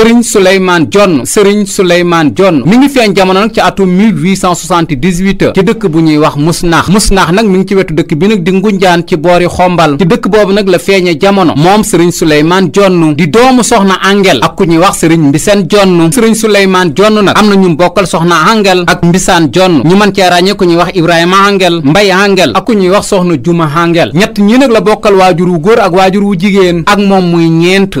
Serigne Souleymane Dione Serigne Souleymane Dione mi ngi feeñ jamono nag ci atum 1878 ci dëkk bu ñuy wax Musnaax Musnaax nag mi ngi ci wetu dëkk bi nag di Ngunjaan ci boori Xombal ci dëkk boobu nag la feeñee jamono moom Serigne Souleymane Dione di doomu soxna Angel ak ku ñuy wax Serigne Mbisaan Dione Serigne Souleymane jonn nag am na ñu bokkal soxna Angel ak Mbisaan Dione ñu mën cee ràññee ku ñuy wax Ibrahima Angel Mbay Angel ak ku ñuy wax soxna Juma Angel ñett ñii nag la bokkal waajur wu góor ak waajur wu jigéen ak moom muy ñeent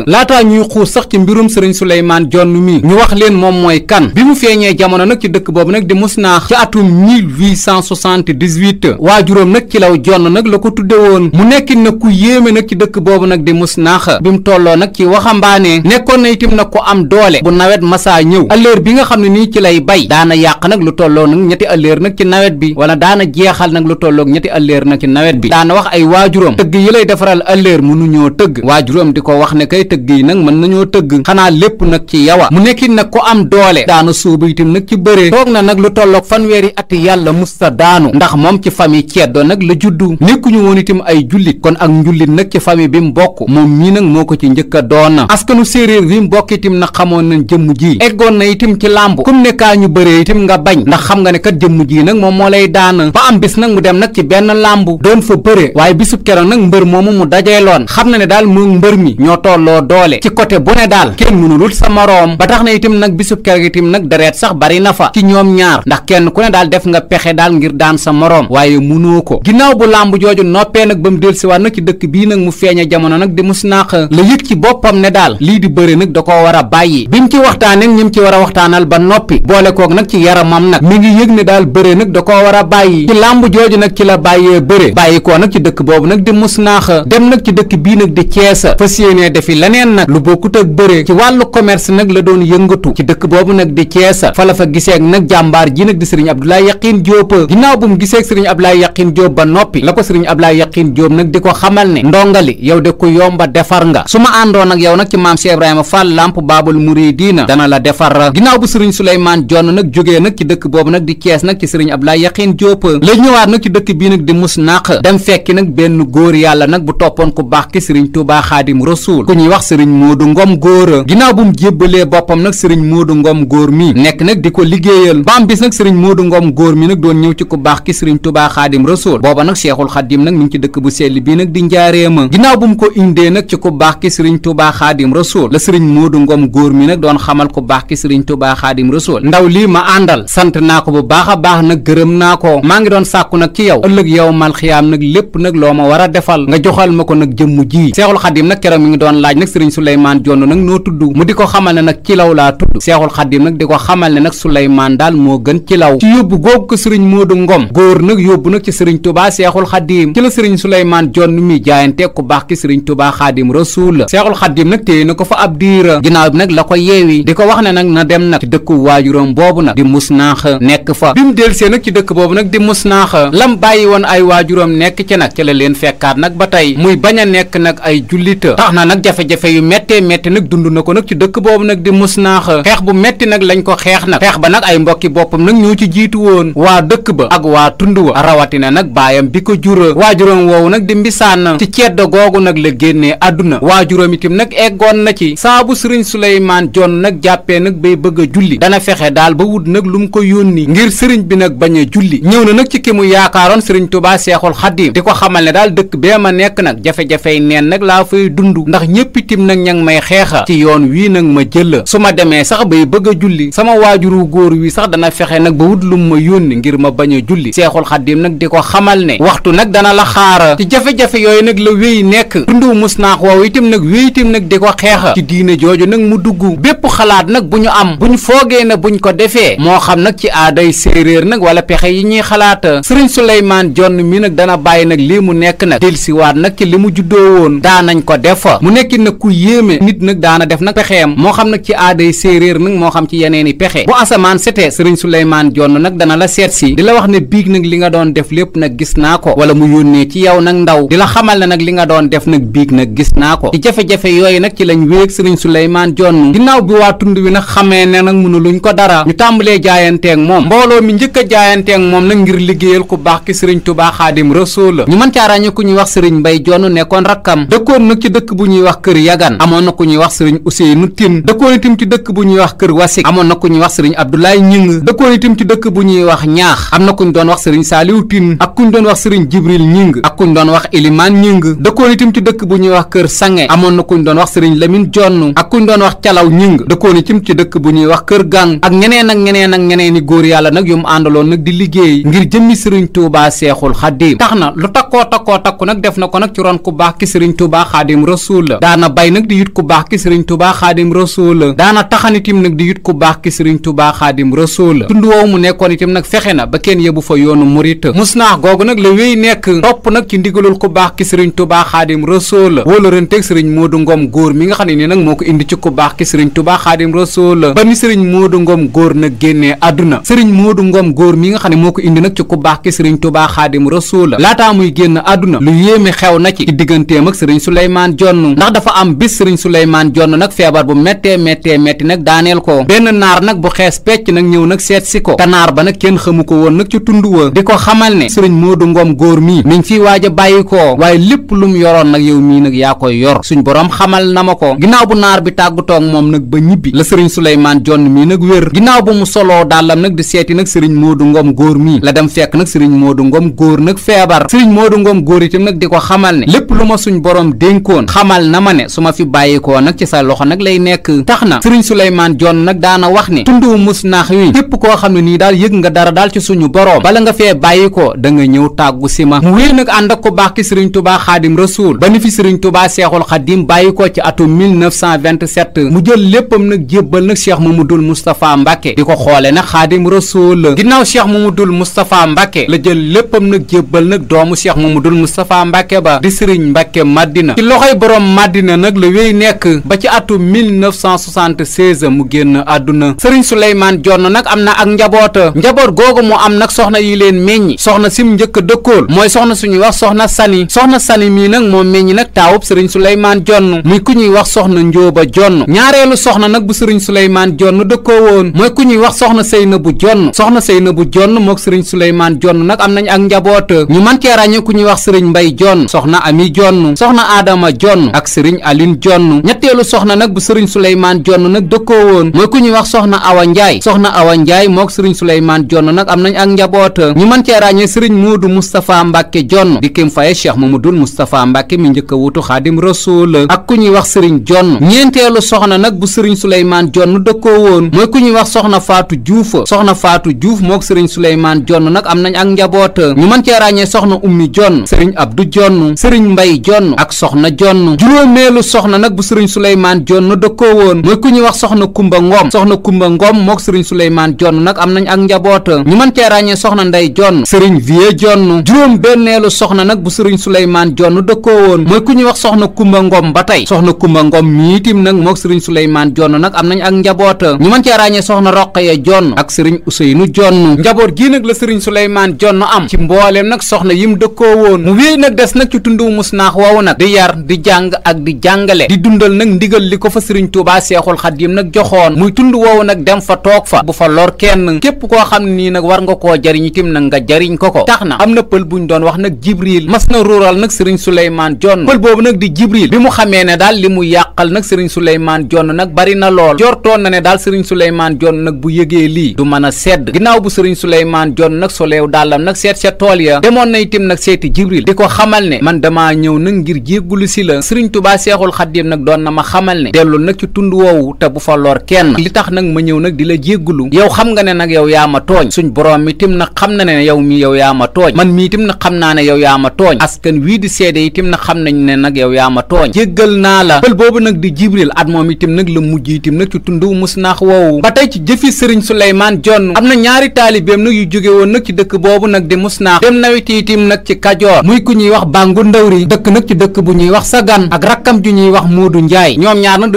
Souleymane Jonn mi ñu wax leen moom mooy kan bi mu feeñee jamono nag ci dëkk boobu nag di Musnaax ci atum 1878 waajuram nag ci law jonn nag la ko tudde woon mu nekkin nag ku yéeme nag ci dëkk boobu nag di Musnaax bi mu tolloo nag ci waxambaane nekkoon na itam nag ku am doole bu nawet masaa ñëw alléer bi nga xam ne nii ci lay bay daana yàq nag lu tolloo nag ñetti alléer nag ci nawet bi wala daana jeexal nag lu tolloog ñetti alléer nag ci nawet bi daana wax ay waajuram tëgg yi lay defaral alléer mënuñoo tëgg waajuram di ko wax ne kay tëgg yi nag lépp nag ci yawa mu nekkin nag ku am doole daanu suubu itam nag ci bëree toog na nag lu tolloog fanweeri ati yàlla sa daanu ndax moom ci famille ceddo nag la juddu nekkuñu woon itam ay jullit kon ak njullit nag ci famille bi mu bokk moom mii nag moo ko ci njëkka a doon na askanu séeréer bi mu bokk itam nag xamoon nañ jëmm ji eggoon na itam ci làmb kum ne ñu bëree itam nga bañ ndax xam nga ne kat jëmm ji nag moom moo lay daana ba am bis nag mu dem nag ci benn làmb doon fa bëree waaye bisub keroog nag mbër moomu mu dajeeloon xam na ne daal mu mbër mi ñoo tolloo doole ci côté bu mënul sa moroom ba tax na itam nag bisub keroog itam nag dereet sax bari na fa ci ñoom ñaar ndax kenn ku ne daal def nga pexe daal ngir daan sa moroom waaye munoo ko ginnaaw bu làmb jooju noppee nag ba mu dell si siwaat nag ci dëkk bii nag mu feeña jamono nag di mus naq la yëg ci boppam ne daal lii di bëre nag da ko war a bàyyi mu ci waxtaanee ñim ci war a waxtaanal ba noppi boole koog nag ci yaramam nag mi ngi yëg ne daal bëre nag da ko war a bàyyi làmb jooju nag ci la bàyyee bëre bàyyi nag ci dëkk boobu nag di naax dem nag ci dëkk bii nag di ceesa fas yéenee defi leneen nag commerce nag la doon yëngatu ci dëkk boobu nag di Thiès fa la fa giseek nag jàmbaar ji nag di sëriñ Abdoulaye Yakhine Diop ginnaaw bu mu giseeg sëriñ Abdoulaye Yakhine Diop ba noppi la ko sëriñ Abdoulaye Yakhine Diop nag di ko xamal ne ndongali yow de ku yomba defar nga su ma àndoon ak yow nag ci maam Cheikh Ibrahima Fall lamp baabul muridiina dana la defar ginnaaw bu sëriñ Souleymane Jonn nag jógee nag ci dëkk boobu nag di Thiès nag ci sëriñ Abdoulaye Yakhine Diop la ñëwaat nag ci dëkk bii nag di Mousnakh dem fekki nag benn góor yàlla nag bu toppoon ku baax ki sëriñ Touba Xaadim Rasul ku ñuy wax sëriñ du Ngom góor bum jébbalee boppam nag sëriñ Modou Ngom góor mi nekk ba am bis nag sëriñ Modou mi nag doon ñëw ci ku baax ki sëriñ Touba Xaadim Rasool booba nag Cheikhul Xaadim nag mi ngi ci dëkk bu sell bii nag di njaareema ginnaaw bu mu ko indee nag ci ku baax ki sëriñ Touba Xaadim Rasool la sëriñ Modou Ngom góor mi nag doon xamal ku baax ki sëriñ Touba Xaadim Rasool ndaw ma àndal sant naa ko bu baax a baax nag gërëm naa ko maa ngi doon sàkku nag ci yow ëllëg yow mal xiyaam nag lépp nag loo ma war a defal nga joxal ma ko nag jëmm ji Cheikhul Xaadim nag keroog mi ngi doon laaj nag sëriñ Souleymane Jonn nag noo tudd di ko xamal na nag ci law laa tudd seexul xaddim nag di ko xamal ne nag Suleymaan daal moo gën ci law ci yóbbu googu ko sëriñ Moodu Ngom góor nag yóbbu nag ci sëriñ Tubaa seexul xaddim ci la sëriñ Suleymaan jonn mi jaayante ku baax ki sëriñ Tubaa xaadim rasuul la seexul xaddim nag téye na ko fa ab diira ginnaaw bi nag la ko yeewi di ko wax ne nag na dem nag ci waajuram boobu nag di Musnaax nekk fa bi mu delsee nag ci dëkk boobu nag di Musnaax lam bàyyi woon ay waajuram nekk ci nag ci leen fekkaat nag ba tey muy bañ a nekk nag ay jullita tax na jafe-jafe yu méttee métti nag dund dëkk boobu nag di Musnaax xeex bu metti nag lañ ko xeex nag xeex ba nag ay mbokki boppam nag ñoo ci jiitu woon waa dëkk ba ak waa tund wa rawatina nag baayam bi ko jura waajuram woowu nag di mbisaan ci ceddo googu nag la génnee àdduna waajuram itam nag eggoon na ci saabu sëriñ Suleymaan Jonn nag jàppe nag bay bëgg a julli dana fexe daal ba wut nag lu mu ko yónni ngir sëriñ bi nag bañ julli ñëw na nag ci ki yaakaaroon sëriñ Tuubaa Seexul Xadiim di ko xamal ne daal dëkk bee ma nekk nag jafe neen nag laa fay dund ndax ñëpp nag ña ngi may xeexa yoon fii nag ma jël la su ma demee sax bay bëgg a julli sama waajuru góor wi sax dana fexe nag ba wut lum ma yónni ngir ma bañ a julli seexul xaddim nag di ko xamal ne waxtu nag dana la xaara ci jafe-jafe yooyu nag la wéy nekk dundu musnaax woowu itam nag wéy itam nag di ko xeexa ci diine jooju nag mu dugg bépp xalaat nag bu ñu am bu ñu foogee ne buñ ko defee moo xam nag ci aaday séeréer nag wala pexe yi ñuy xalaata sëriñ Souleymane Jonn mi nag dana bàyyi nag lii mu nekk nag delsiwaat nag ci li mu mu nekki pexeem moo xam nag ci aaday séeréer nag moo xam ci yeneeni pexe bu asamaan setee sëriñ Souleymane Jonn nag dana la seet si di la wax ne biig nag li nga doon def lépp nag gis naa ko wala mu yónnee ci yow nag ndaw di la xamal ne nag li nga doon def nag biig nag gis naa ko ci jafe-jafe yooyu nag ci lañ wéeg sëriñ Souleymane Jonn ginnaaw bi waa tund wi nag xamee ne nag mënu luñ ko dara ñu tàmbalee jaayanteeg moom mbooloo mi njëkk a jaayanteeg moom nag ngir liggéeyal ku baax ki sëriñ Tuubaa Xaadim Rasuul la ñu mën caa ràññee ku ñuy wax sëriñ Mbay Jonn nekkoon rakkam dëkkoon nag ci dëkk ñuy wax kër yagan tin dëkkoon itam ci dëkk bu ñuy wax kër wasik amoon na ku ñuy wax sëriñ bu ñuy wax ñaax am na kuñ doon wax sëriñ Saaliw tin ak ku kuñ doon wax sëriñ Jibril Ñing ak kuñ doon wax Ilimaan Ñing dëkkoon itam ci dëkk bu ñuy wax kër Sange amoon na kuñ doon wax sëriñ Lamin Jonn ak kuñ doon wax Calaw Ñing dëkkoon itam ci dëkk bu ñuy wax kër Gang ak ñeneen ak ñeneen ak ñeneen i góor yàlla nag yu mu àndaloon nag di liggéey ngir jëmmi sëriñ Tuubaa Seexul Xadiim tax na lu takkoo takkoo takku nag def na ko nag ci ron ku baax ki sëriñ Tuubaa Xaadim Rasuul la daana bay nag di yit ku baax ki sëriñ xaadim rasul daana taxan itam nag di yut ku baax ki sëriñ tubaa xaadim rasul woow mu nekkoon itam nag fexe na ba kenn yëbu fa yoonu murit musnaax googu nag la wéy nekk topp nag ci ndigalul ku baax ki sëriñ tubaa xaadim rasul sëriñ moodu ngom góor mi nga xam ne ni nag moo ko indi ci ku baax ba ni sëriñ moodu ngom góor nag génnee àdduna sëriñ moodu ngom góor mi nga xam ne moo ko indi nag ci ku baax ki sëriñ tubaa xaadim rasul laataa muy génn àdduna lu yéeme xew na ci ci digganteem ak sëriñ suleymaan jonn ndax dafa am bis sëriñ suleymaan jonn nag feebar bu méttee méttee métti nag daaneel ko benn naar nag bu xees pecc nag ñëw nag seet si ko te naar ba nag kenn xamu ko woon nag ci tund wa di ko xamal ne sëriñ Moodu Ngom góor mi ngi fiy waaj a bàyyi koo waaye lépp lu mu yoroon nag yow mii nag yaa koy yor suñ borom xamal na ma ko ginnaaw bu naar bi tàggutoog moom nag ba ñibbi la sëriñ Souleymane Jonn mii nag wér ginnaaw bu mu soloo dàllam nag di seeti nag sëriñ Moodu Ngom góor mii la dem fekk nag sëriñ Moodu Ngom góor nag feebar sëriñ Moodu Ngom góor itam nag di ko xamal ne lépp lu ma suñ borom dénkoon xamal na ma ne su ma fi bàyyi koo nag ci sa loxo nag lay nekk tax na sëriñ Souleymane Dione nag daana wax ne tundu mus naax wi képp koo xam ne nii daal yëg nga dara daal ci suñu boroom bala nga fee bàyyi ko da nga ñëw tàggu si ma mu wéy nag ànd ak ko baax ki sëriñ tubaa xaadim rasuul ba ni fi sëriñ tubaa seexul xaadim bàyyi ko ci atum 1927 mu jël léppam nag jébbal nag cheikh mamadul moustapha mbàkke di ko xoole nag xaadim rasuul la ginnaaw cheikh mamadul moustapha mbàkke la jël léppam nag jébbal nag doomu cheikh mamadul moustapha mbàkke ba di sëriñ mbàkke madina ci loxoy boroom madina nag la wéy 1976 mu génn àdduna sëriñ Souleymane Jonn nag am na ak njaboota njaboot googu mu am nag soxna yi leen meññi soxna mu njëkk dëkkool mooy soxna suñuy wax soxna sani soxna sani mii nag moo meññi nag taawub sëriñ Souleymane Jonn muy ku ñuy wax soxna Njóoba Jonn ñaareelu soxna nag bu sëriñ Souleymane Jonn dëkkoo woon mooy ku ñuy wax soxna Seynabu Jonn soxna bu Jonn mook sëriñ Souleymane Jonn nag am nañ ak njaboota ñu mën cee ràññee ku ñuy wax sëriñ Mbay Jonn soxna Ami ak sëriñ Aline sëriñ Souleymane Jonn nag dëkkoo woon mooy ku ñuy wax soxna Awa Njaay soxna Awa Njaay mook sëriñ Souleymane Jonn nag am nañ ak njaboota ñu mën cee ràññee sëriñ Moodu Moustapha Mbàkke Jonn di kim faye Cheikh Mamadul Moustapha Mbàkke mi njëkk a wutu Xaadim Rasuul ak ku ñuy wax sëriñ Jonn ñeenteelu soxna nag bu sëriñ Souleymane Jonn dëkkoo woon mooy ku ñuy wax soxna Faatu Juuf soxna Faatu Juuf mook sëriñ Souleymane Jonn nag am nañ ak njaboota ñu mën cee ràññee soxna Ummi Jonn sëriñ Abdu Jonn sëriñ Mbay Jonn ak soxna Jonn juróomeelu soxna nag bu sëriñ Souleymane Jonn dëkkoo woon muy ku ñuy wax soxna kumba ngom soxna kumba ngom mook sëriñ Souleymane Jonn nag am nañ ak njaboota ñu mën cee ràññee soxna nday jonn sëriñ Vieux jonn juróom benneelu soxna nag bu sëriñ Souleymane jonn dëkkoo woon mooy ku ñuy wax soxna kumba ngom ba tey soxna kumba ngom miitim nag mook sëriñ Souleymane jonn nag am nañ ak njaboota ñu mën cee ràññee soxna Roqaya jonn ak sëriñ Useynu jonn njaboot gii nag la sëriñ Souleymane jonn am ci mbooleem nag soxna yim dëkkoo woon mu wéy nag des nag ci tundu musnaax waw nag di yar di jàng ak di jàngale di dundal sëriñ Tuubaa Seexul Xadiim nag joxoon muy tund woowu nag dem fa toog fa bu fa lor kenn képp koo xam ne nii nag war nga koo jariñ itim nag nga jariñ ko ko tax na am na pël buñ doon wax nag Jibril mas na ruural nag sëriñ Suleymaan Jonn pël boobu nag di Jibril bi mu xamee ne daal li mu yàqal nag sëriñ Suleymaan Jonn nag na lool na ne daal sëriñ Suleymaan Jonn nag bu yëgee lii du mën a sedd ginnaaw bu sëriñ Suleymaan Jonn nag soleew dàllam nag seet ca tool ya demoon na itim nag seeti Jibril di ko xamal ne man damaa ñëw nag ngir jéggulu si la sëriñ Tuubaa Seexul Xadiim nag doon na ma xamal loolu nag ci tund woowu te bu fa lor kenn li tax nag ma ñëw nag di la jéggulu yow xam nga ne nag yow yaa ma tooñ suñ borom mi tim nag xam na ne yow mi yow yaa ma tooñ man mii tim nag xam naa ne yow yaa ma tooñ askan wii di seede yi tim nag xam nañ ne nag yow yaa ma tooñ jéggal naa la pël boobu nag di jibril at moom itim nag la mujj itim nag ci tund musnaax woowu ba tey ci jëfi sëriñ Suleymaan Jonn am na ñaari taalibeem nag yu jóge woon nag ci dëkk boobu nag di musnaax dem nawet itim nag ci kajoor muy ku ñuy wax bàngu ndawri dëkk nag ci dëkk bu ñuy wax sa ak rakkam ju ñuy wax muudu njaay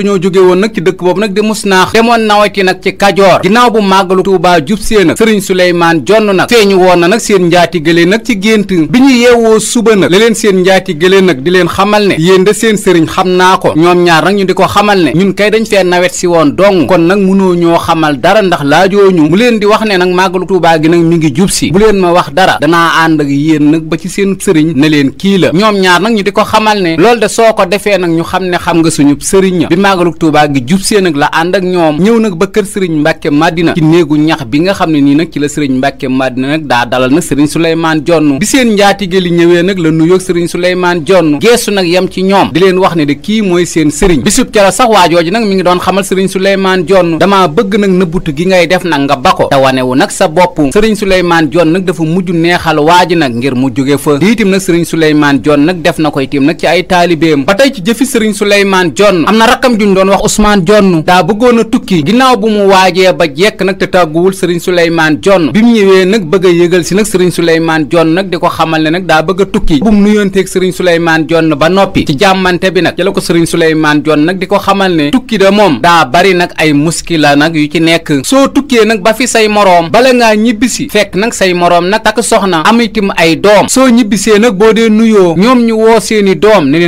ñoo jóge woon nag ci dëkk boobu nag di musnaax demoon naweti nag ci kajoor ginnaaw bu màggalu tuubaa jub see nag sëriñ suleymaan jonn nag feeñu woon na nag seen njaati gëlee nag ci gént bi ñu yeewoo suba nag la leen seen njaati gëlee nag di leen xamal ne yéen de seen sëriñ xam naa ko ñoom ñaar nag ñu di ko xamal ne ñun kay dañ fee nawet si woon dong kon nag mënoo ñoo xamal dara ndax laajoo ñu mu leen di wax ne nag màggalu tuubaa gi nag mi ngi jub si bu leen ma wax dara danaa ànd ak yéen nag ba ci seen sëriñ ne leen kii la ñoom ñaar nag ñu di ko xamal ne loolu de soo ko defee nag ñu xam ne xam nga suñu sëriñ màggaluk Tuubaa gi jub seen ak la ànd ak ñoom ñëw nag ba kër sëriñ Mbàkke Madina ci néegu ñax bi nga xam ne nii nag ci la sëriñ Mbàkke Madina nag daa dalal nag sëriñ Souleymane Jonn bi seen njaatige li ñëwee nag la nuyoog sëriñ Souleymane Jonn geesu nag yem ci ñoom di leen wax ne de kii mooy seen sëriñ bisub ca la sax waajooji nag mi ngi doon xamal sëriñ Souleymane Jonn damaa bëgg nag nëbbutu gi ngay def nag nga bako te wanewu nag sa bopp sëriñ Souleymane Jonn nag dafa mujj neexal waaji nag ngir mu jóge fa di itam nag sëriñ Souleymane Jonn nag def na ko itam nag ci ay taalibeem ba tey ci jëfi sëriñ Souleymane Jonn am na rakkam juñ doon wax Ousmane Jonn daa bëggoon a tukki ginnaaw bu mu waajee ba jekk nag te tàgguwul Serigne Jonn bi mu ñëwee nag bëgg a yëgal si nag Serigne Souleymane Jonn nag di ko xamal ne nag daa bëgg a tukki bu mu nuyonteeg Serigne Souleymane Jonn ba noppi ci bi nag jëla ko Serigne Souleymane Jonn nag di ko xamal ne tukki da moom daa bari nag ay muskila nag yu ci nekk soo tukkee nag ba fi say moroom bala ngaa ñibbisi fekk nag say moroom nag takk soxna am itam ay doom soo ñibbisee nag boo dee nuyoo ñoom ñu woo seeni doom ne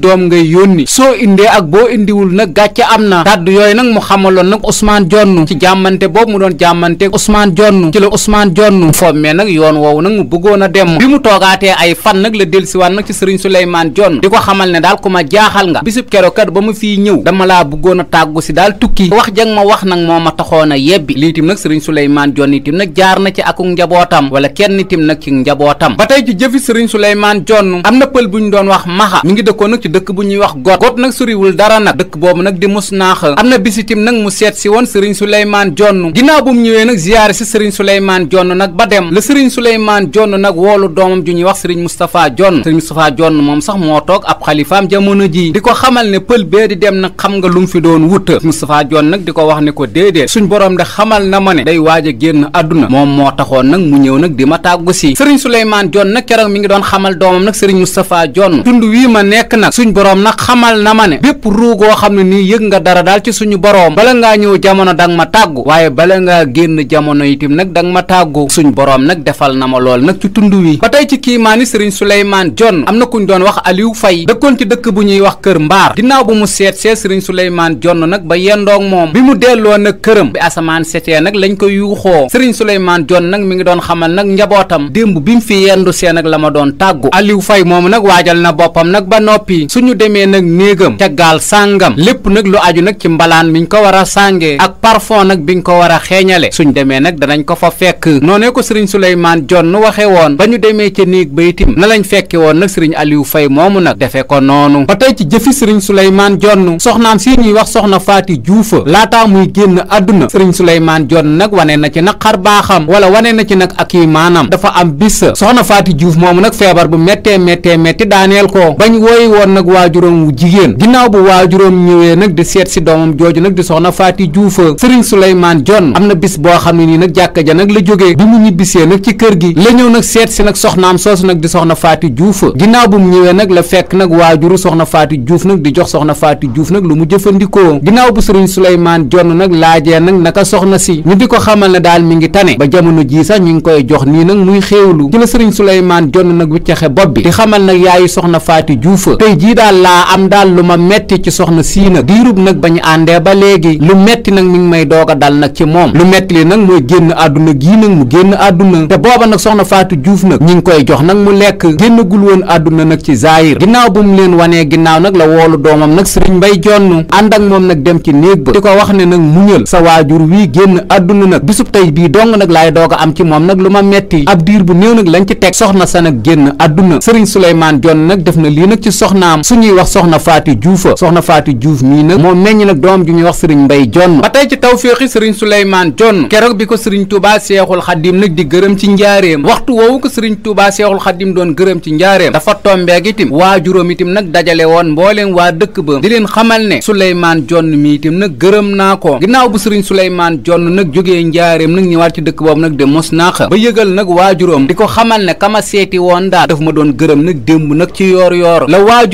doom ngay yónni soo indee ak boo indiwul nag gàcce am na kàddu yooyu nag mu xamaloon nag Ousmane Dione ci jàmmante boobu mu doon jàmmante Ousmane Dione ci la Ousmane Dione fommee nag yoon woowu nag mu bëggoon a dem bi mu toogaatee ay fan nag la dellusiwaat nag ci Serigne Souleymane Dione di ko xamal ne daal ku ma jaaxal nga bisub keroog kat ba mu fii ñëw dama laa bëggoon a tàggu si daal tukki wax jag ma wax nag moo ma taxoon a yebbi lii nag sëriñ Serigne Souleymane Dione itim nag jaar na ci akuk njabootam wala kenn itim nag ci njabootam ba tey dëkk bu ñuy wax got nag suriwul dara nag dëkk boobu nag di mus am na bisitim nag mu seet si woon sëriñ Souleymane Jonn ginnaaw bu mu ñëwee nag ziyaare si sëriñ Souleymane Jonn nag ba dem la sëriñ Souleymane Jonn nag woolu doomam ju ñuy wax sëriñ Moustapha Jonn sëriñ Moustapha Jonn moom sax moo toog ab xalifaam jamono ji di ko xamal ne pël bee di dem nag xam nga lu mu fi doon wuta Moustapha Jonn nag di ko wax ne ko déedéet suñ borom de xamal na ma ne day waaj a génn àdduna moom moo taxoon nag mu ñëw nag di ma tàggu si sëriñ Souleymane Jonn nag keroog mi ngi doon xamal doomam nag sëriñ Moustapha Jonn wii ma nekk nag suñ boroom nag xamal na ma ne bépp ruugoo xam ne nii yëg nga dara daal ci suñu boroom bala ngaa ñëw jamono danga ma tàggu waaye bala ngaa génn jamono itim nag danga ma tàggu suñ boroom nag defal na ma lool nag ci tund wi ba tey ci kiimaani sëriñ Souleymane John am na kuñ doon wax Aliou fay dëkkoon ci dëkk bu ñuy wax kër mbaar ginnaaw bu mu seet see sëriñ Souleymane jonn nag ba yendook moom bi mu delloo nag këram bi asamaan setee nag lañ ko yuuxoo sëriñ Souleymane John nag mi ngi doon xamal nag njabootam démb bi mu fi yendu see nag la ma doon tàggu suñu demee nag néegam ca gaal sàngam lépp nag lu aju nag ci mbalaan ñu ko war a sàngee ak parfum nag bi biñ ko war a xeeñale suñu demee nag danañ ko fa fekk noonee ko sëriñ Souleymane Jonn waxe woon ba ñu demee ca néeg ba itim na lañ fekke woon nag sëriñ Aliou Faye moomu nag defe ko noonu ba tey ci jëfi sëriñ Souleymane Jonn soxnaam si ñuy wax soxna Faati Juufa laataa muy génn àdduna sëriñ Souleymane Jonn nag wane na ci nag xar baaxam wala wane na ci nag ak yi maanaam dafa am bis soxna Faati Juuf moomu nag feebar bu méttee méttee métti daaneel ko nag waajuram wu jigéen ginnaaw bu waajuram ñëwee nag di seet si doomam jooju nag di soxna Faati Juuf Sëriñ Souleymane Jon am na bis boo xam ne nii nag jàkka ja nag la jógee bi mu ñibbisee nag ci gi la ñëw nag seet si nag soxnaam soosu nag di soxna Faati Juuf ginnaaw bu mu ñëwee nag la fekk nag waajuru soxna Faati Juuf nag di jox soxna Faati Juuf nag lu mu jëfandikoo ginnaaw bu Sëriñ Souleymane Jon nag laajee nag naka soxna si ñu di ko xamal na daal mi ngi tane ba jamono jii sax ñu ngi koy jox nii nag muy xéewlu ci la Sëriñ Souleymane Jon nag wiccaxe bopp bi di xamal nag yaayu soxna Faati Juuf jii daal laa am daal lu ma metti ci soxna sii nag diirub nag bañu àndee ba léegi lu metti nag mi ngi may doog a dal nag ci moom lu metti nag mooy génn àdduna gii nag mu génn àdduna te booba nag soxna Fatou Diouf nag ñi ngi koy jox nag mu lekk génnagul woon àdduna nag ci zaayir ginnaaw bu mu leen wanee ginnaaw nag la woolu doomam nag sëriñ mbay jonn ànd ak moom nag dem ci néeg ba di ko wax ne nag muñal sa waajur wii génn àdduna nag bisub tey bii dong nag laay doog am ci moom nag lu ma metti ab diir bu néew nag lañ ci teg soxna sa nag génn àdduna sëriñ Souleymane Jonn nag def na lii nag ci soxna naam suñuy wax soxna faati juufa soxna faati juuf mii nag moo meññ nag doom ju ñuy wax sëriñ mbay jonn ba tey ci tawféexi sëriñ suleymaan jonn keroog bi ko sëriñ tubaa seexul xadim nag di gërëm ci njaareem waxtu woowu ko sëriñ tubaa seexul xadim doon gërëm ci njaareem dafa tombeeg itim waajuróom itim nag dajale woon mbooleem waa dëkk ba di leen xamal ne suleymaan jonn mi itim nag gërëm naa ko ginnaaw bu sëriñ suleymaan jonn nag jógee njaareem nag ñëwaat ci dëkk boobu nag de mos naaxa ba yëgal nag waajuróom di ko xamal ne kama seeti woon daal daf ma doon gërëm nag démb nag ci yoor yoor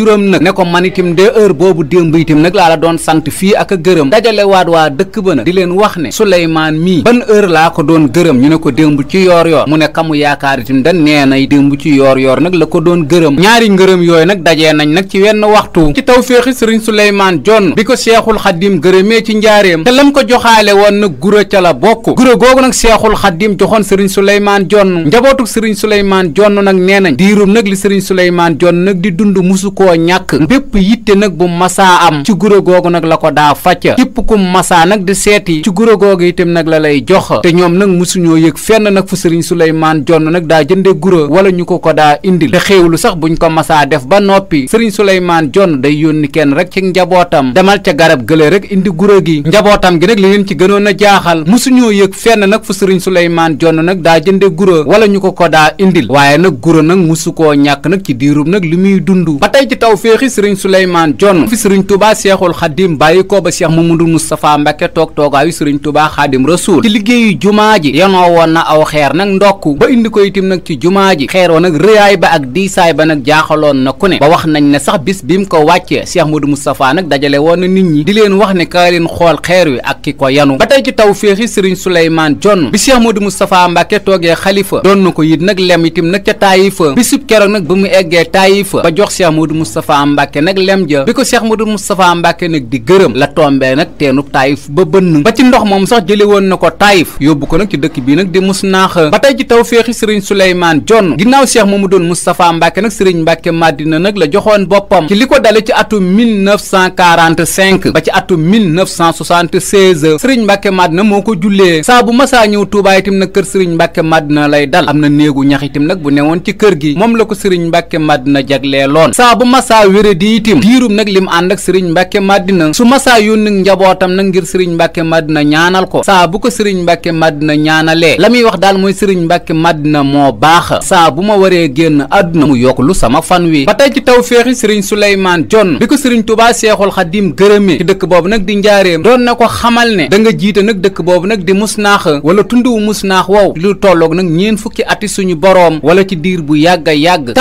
waajuram nag ne ko man itam de heure boobu démb itam nag laa la doon sant fii ak a gërëm dajale waat waa dëkk ba nag di leen wax ne Souleymane mii ban heure laa ko doon gërëm ñu ne ko démb ci yoor yoor mu ne kamu yaakaar itam da nee nay démb ci yoor yoor nag la ko doon gërëm ñaari ngërëm yooyu nag dajee nañ nag ci wenn waxtu ci tawféexi sëriñ Souleymane Jonn bi ko seexul xaddim gërëmee ci njaareem te lam ko joxaale woon nag gura ca la bokk gura googu nag seexul xaddim joxoon sëriñ Souleymane Jonn njabootuk sëriñ Souleymane Jonn nag nee nañ diirum nag li sëriñ Souleymane Jonn nag di dund musu koo ñàkk bépp yitte nag bu masaa am ci guro googu nag la ko daa facca képp ku masaa nag di seeti ci guro googu itam nag la lay jox te ñoom nag musuñoo yëg fenn nag fu sëriñ Souleymane Jonn nag daa jënde guro wala ñu ko ko daa indil te xéewlu sax buñ ko masaa def ba noppi sëriñ Souleymane Jonn day yónni kenn rek ci njabootam demal ca garab gële rek indi guro gi njabootam gi nag li ci gënoon a jaaxal musuñoo yëg fenn nag fu sëriñ Souleymane Jonn nag daa jënde guro wala ñu ko ko daa indil waaye nag guro nag musu koo ñàkk nag ci diirub nag li muy dund ba tey ci tawféexi sëriñ Souleymane Dione fi sëriñ Touba Seexul Xadim bàyyi ko ba Cheikh Mamadou Moustapha Mbacke toog toogaayu sëriñ Touba Xadim Rasul ci liggéeyu jumaa ji yanoo woon na aw xeer nag ndokk ba indi ko itam nag ci jumaa ji xeer wa nag rëyaay ba ak diisaay ba nag jaaxaloon na ku ne ba wax nañ ne sax bis bi mu ko wàccee Cheikh Mamadou Moustapha nag dajale woon na nit ñi di leen wax ne kaa leen xool xeer wi ak ki ko yanu ba tey ci tawféexi sëriñ Souleymane Dione bi Cheikh Mamadou Moustapha Mbacke toogee xalifa doon na ko yit nag lem itam nag ca taayifa bisub keroog nag ba mu eggee taayifa ba jox Cheikh Moustapha Mbacke nag lem ja bi ko Cheikh Modou Moustapha Mbacke nag di gërëm la tombee nag teenub taayif ba bënn ba ci ndox moom sax jële woon na ko taayif yóbbu ko nag ci dëkk bii nag di mus ba tey ci taw féexi sëriñ Souleymane Jonn ginnaaw Cheikh Mamadou Moustapha Mbacke nag sëriñ Mbacke Madina nag la joxoon boppam ci li ko dale ci atum 1945 ba ci atum 1976 sëriñ Mbacke na moo ko jullee saa bu masaa ñëw Touba itam nag kër sëriñ Mbacke Madina lay dal am na néegu ñax itam nag bu newoon ci kër gi moom la ko sëriñ Mbacke Madina jagleeloon saa saa masaa wéradi itim diirum nag lim ànd ak sëriñ mbàkke màddina su masaa yónni njabootam nag ngir sëriñ mbàkke màddina ñaanal ko saa bu ko sëriñ mbàkke màddina ñaanalee la muy wax daal mooy sëriñ mbàkke màddina moo baaxa saa bu ma waree génn àdduna mu yokk lu sama fan wi ba tey ci taw féexi sëriñ Souleymane Dione bi ko sëriñ Touba Seexul Xadim gërëmee ci dëkk boobu nag di njaareem doon na ko xamal ne da nga jiite nag dëkk boobu nag di musnaax wala tund wu musnaax wow lu tolloog nag ñeen fukki ati suñu boroom wala ci diir bu yàgg a yàgg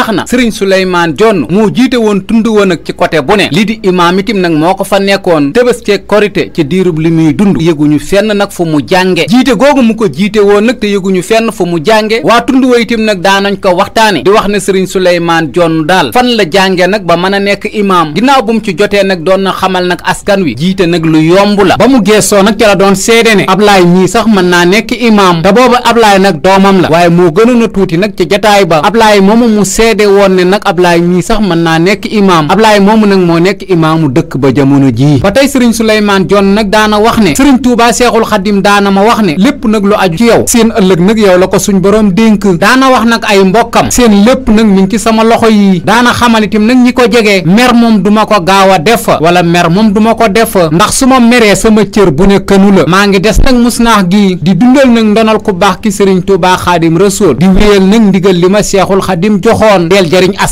doon tund woon ak ci côté bu ne lii di imaam itim nag moo ko fa nekkoon tëbës ceeg korite ci diirub li muy dund yëguñu fenn nag fu mu jànge jiite googu mu ko jiite woon nag te yëguñu fenn fu mu jànge waa tund wa itim nag daanañ ko waxtaane di wax ne sëriñ Souleymane Jonn daal fan la jànge nag ba mën a nekk imaam ginnaaw bu mu ci jotee nag doon na xamal nag askan wi jiite nag lu yomb la ba mu geesoo nag ca la doon seede ne Ablaay ñii sax mën naa nekk imaam te booba Ablaay nag doomam la waaye moo gënoon a tuuti nag ca jataay ba Ablaay moomu mu seede woon ne nag Ablaay ñii sax mën naa nekk imaam Ablaye moomu nag moo nekk imaamu dëkk ba jamono jii ba tey sëriñ Souleymane Dione nag daana wax ne sëriñ Touba Seexul Xadim daana ma wax ne lépp nag lu aju ci yow seen ëllëg nag yow la ko suñ wax nag ay mbokkam seen lépp nag mi ngi ci sama loxo yi daana xamalitim nag ñi ko jege mer moom duma ko gaaw a def wala mer moom duma ko def ndax su ma meree sama cër bu ne kënu la maa ngi des nag musnaax gi di dundal nag ndonal ku baax ki sëriñ Touba Xadim Rasul di wéyal nag ndigal li ma Seexul Xadim joxoon del jariñ a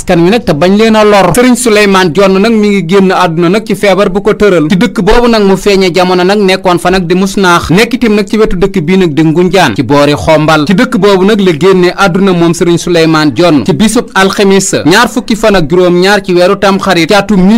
sëriñ Souleymane Jonn nag mi ngi génn àdduna nag ci feebar bu ko tëral ci dëkk boobu nag mu feeñe jamono nag nekkoon fa nag di musnaax nekkitim nag ci wetu dëkk bii nag di ngunjaan ci boori xombal ci dëkk boobu nag la génne àdduna moom sëriñ Souleymane Jonn ci bisub alxemis ñaar fukki fan ak juróom-ñaar ci weeru tamxarit ci atum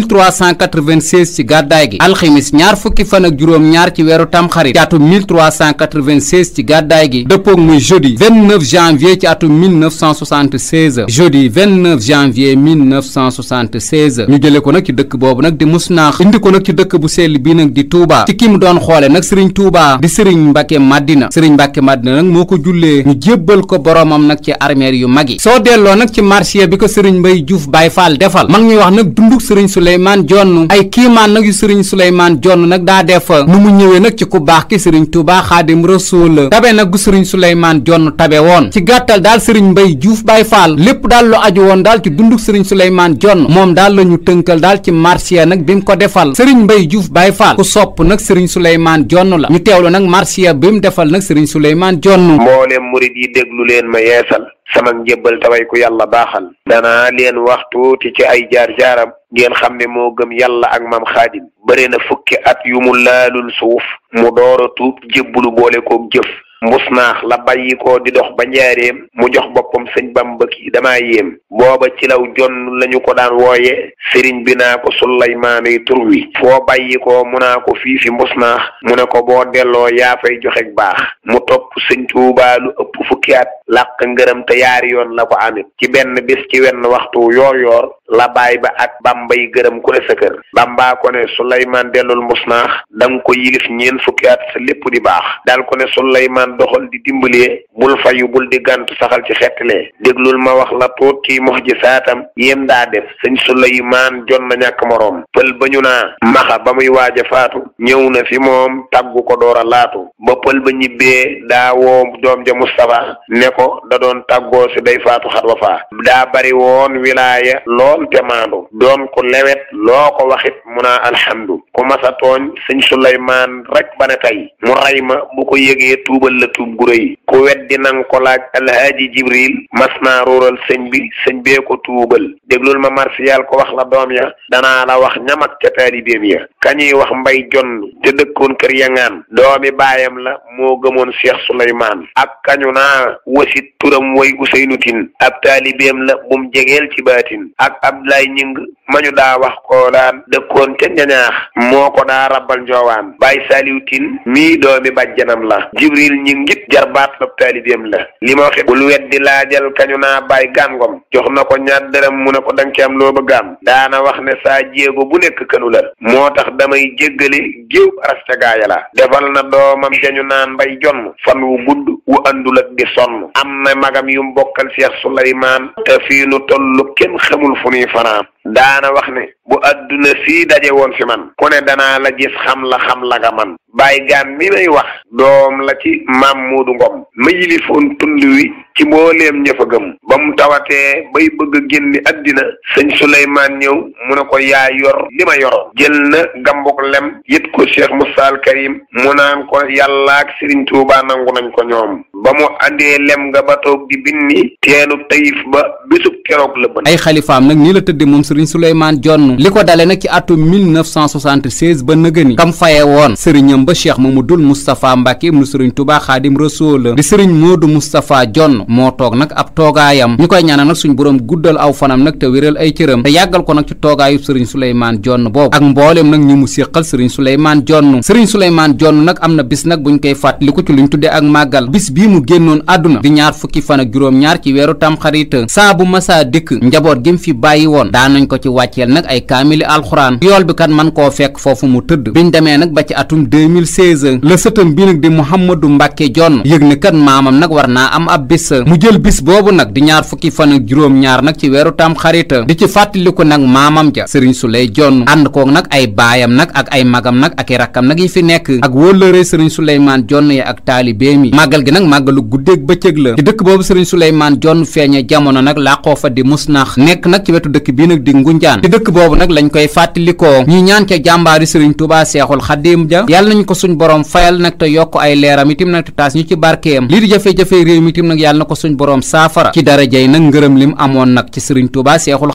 ci gàddaay gi alxemis ñaar fukki fan ak juróom-ñaar ci weeru tamxarit ci atum 1396 ci gàddaay gi dëppoog muy jeudi 29 janvier ci atum 1976 jeudi 29 janvier 1976 1976 ñu jële ko nag ci dëkk boobu nag di Musnaax indi ko nag ci dëkk bu sell bii nag di Touba ci ki mu doon xoole nag Serigne Touba di Serigne Mbacke Madina Serigne Mbacke Madina nag moo ko jullee ñu jébbal ko boromam nag ci armeer yu mag yi soo delloo nag ci marché bi ko Serigne Mbaye juuf Baye faal defal mag ñuy wax nag dunduk Serigne Souleymane Jonn ay kiimaan nag yu Serigne Souleymane Jonn nag daa def nu mu ñëwee nag ci ku baax ki Serigne Touba Xaadim Rasul tabe nag gu Serigne Souleymane Jonn tabe woon ci gàttal daal Serigne Mbaye Diouf Baye Fall lépp daal lu aju woon daal ci dunduk Serigne Souleymane moom daal la ñu tënkal daal ci marsiya nag bi mu ko defal sëriñ Mbay Juuf Baay Faal ku sopp nag sëriñ Souleymane Jonn la ñu teewlu nag marsiya bi mu defal nag sëriñ Souleymane Jonn mboolem murit yi déglu leen ma yeesal sama njëbbal taway ku yàlla baaxal danaa leen waxtu tuuti ci ay jaar-jaaram ngeen xam ne moo gëm yàlla ak maam xaadim bëri na fukki at yu mu laalul suuf mu door a tuub jébbalu boole koog jëf musnaax la bàyyi di dox ba njaareem mu jox boppam sëñ bamba ki dama yéem booba ci law jonn lañu ko daan wooye sëriñ bi naa ko sullaymaanay tur turwi foo bàyyi ko mu naa ko fii fi musnaax mu ne ko boo delloo yaa fay joxeg baax mu topp sëñ tuubaalu ëpp fukki at làq ngërëm te yoon la ko amit ci benn bis ci wenn waxtu yoor yoor la baay ba ak bambay gërëm ku ne sa kër bambaa ko ne suleymaan dellul musnaax da nga ko yilif ñeen fukki at sa lépp di baax dal ko ne suleymaan doxal di dimbalee bul fayu bul di gant saxal ci xettalee déglul ma wax la tuut ci mox ji saatam yéem daa def sëñ suleymaan jon na ñàkk moroom pël ba ñu naa maxa ba muy waaja faatu ñëw na fi moom taggu ko doora a laatu ba pël ba ñibbee ja Mustafa ko da doon tàggoo si day faatu xat wa faa daa bari woon wilaaya lool te maandu doon ku lewet loo ko waxit mu naa alhamdu ku masa tooñ sëñ Suleymaan rek ba ne tey mu rey ma bu ko yëgee tuubal la tuub gu rëy ku weddi nang ko laaj alhaaji jibril mas naa ruural sëñ bi sëñ bee ko tuubal déglul ma marsiyaal ko wax la doom ya danaa la wax ñamak ca taalibeem ya kañuy wax mbay jonn te dëkkoon kër yangaan doomi baayam la moo gëmoon Cheikh Suleymaan ak kañu naa wasit turam way Ousseynou Tine ab taalibeem la bum jegeel ci baatin ak Abdoulaye Ñing mañu da wax koo daan dëkkoon ca ñañaax moo ko daa rabal njoowaan Baye Saliou Tine mii doomi bàjjanam la Jibril Ñing jarbaat la taalibeem la li ma waxe bul weddi laajal kañu naa bàyyi gàngom jox na ko ñaar dërëm mu ne ko dang kee am loo bëgg am daana wax ne saa jéego bu nekk kënu la moo tax damay jéggale géew arasta gaaya la defal na doomam jañu naan mbay jonn fan wu gudd wu àndul ak di sonn am na magam yu mbokkal Cheikh Souleymane te fii nu toll kenn xamul fu nuy fanaan daana wax ne bu adduna sii daje woon fi man ku ne danaa la gis xam la xam la nga man baay gaan mi may wax doom la ci maam Moodu Ngom ma yilifoon tund wi ci mbooleem ña fa gëm ba mu tawatee bay bëgg a génni addina sëñ Souleymane ñëw mu ne ko yaa yor li ma yoroon jël na gambuk lem yët ko Cheikh Moussa al Karim mu naan ko yàlla ak Serigne Touba nangu nañ ko ñoom ba mu àndee lem nga ba toog di binni teenu tayif ba bisub keroog la bën ay xalifaam nag nii la tëdde moom sëriñ Souleymane Jonn li ko dale nag ci atum 1976 ba nëgëni kam faye woon sëriñam ba cheikh Mamadul Moustapha Mbàkke ibnu sëriñ Touba Xaadim Rasuul di sëriñ Moodu Moustapha Jonn moo toog nag ab toogaayam ñu koy ñaanal nag suñ boroom guddal aw fanam nag te wéral ay cëram te yàggal ko nag ci toogaayu sëriñ Souleymane Jonn boobu ak mbooleem nag ñu mu séqal sëriñ Souleymane Jonn sëriñ Souleymane Jonn nag am na mu génnoon àdduna di ñaar fukki fan ak juróom-ñaar ci weeru tamxarit saa bu masaa dikk njaboot gi mu fi bàyyi woon daanañ ko ci wàcceel nag ay kaamili alxuraan yool bi kat man koo fekk foofu mu tëdd biñ demee nag ba ci atum 2016 la sëtam bi nag di Mouhamadou Mbacke Jonn yëg ne kat maamam nag war naa am ab bis mu jël bis boobu nag di ñaar fukki fan ak juróom-ñaar nag ci weeru tamxarit di ci fàttaliku nag maamam ja sëriñ Suley Jonn ànd koog nag ay baayam nag ak ay magam nag ak i nag yi fi nekk ak wóllëre sëriñ Suleymaan Jonn ya ak màggalu guddeeg bëccëg la ci dëkk boobu sëriñ Souleymane Dione feeñe jamono nag làqoo fa di musnax nekk nag ci wetu dëkk bii nag di ngunjaan ci dëkk boobu nag lañ koy fàttalikoo ñuy ñaan ca jàmbaari sëriñ Touba Seexul Xadim ja yàlla nañ ko suñ borom fayal nag te yokk ay leeram itim nag te taas ñu ci barkeem lii di jafe-jafe réew mi itim nag yàlla na ko suñ borom saafara ci darajey nag ngërëm lim amoon nag ci sëriñ Touba Seexul